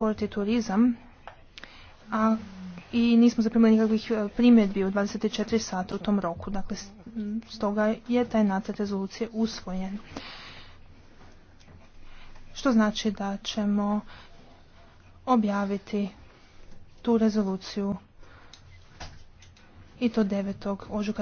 govoriti turizam, a i nismo zaprimili nikakvih e, primjedbi u 24 sata u tom roku. Dakle, stoga je taj nacrt rezolucije usvojen. Što znači da ćemo objaviti tu rezoluciju i to 9. ožujka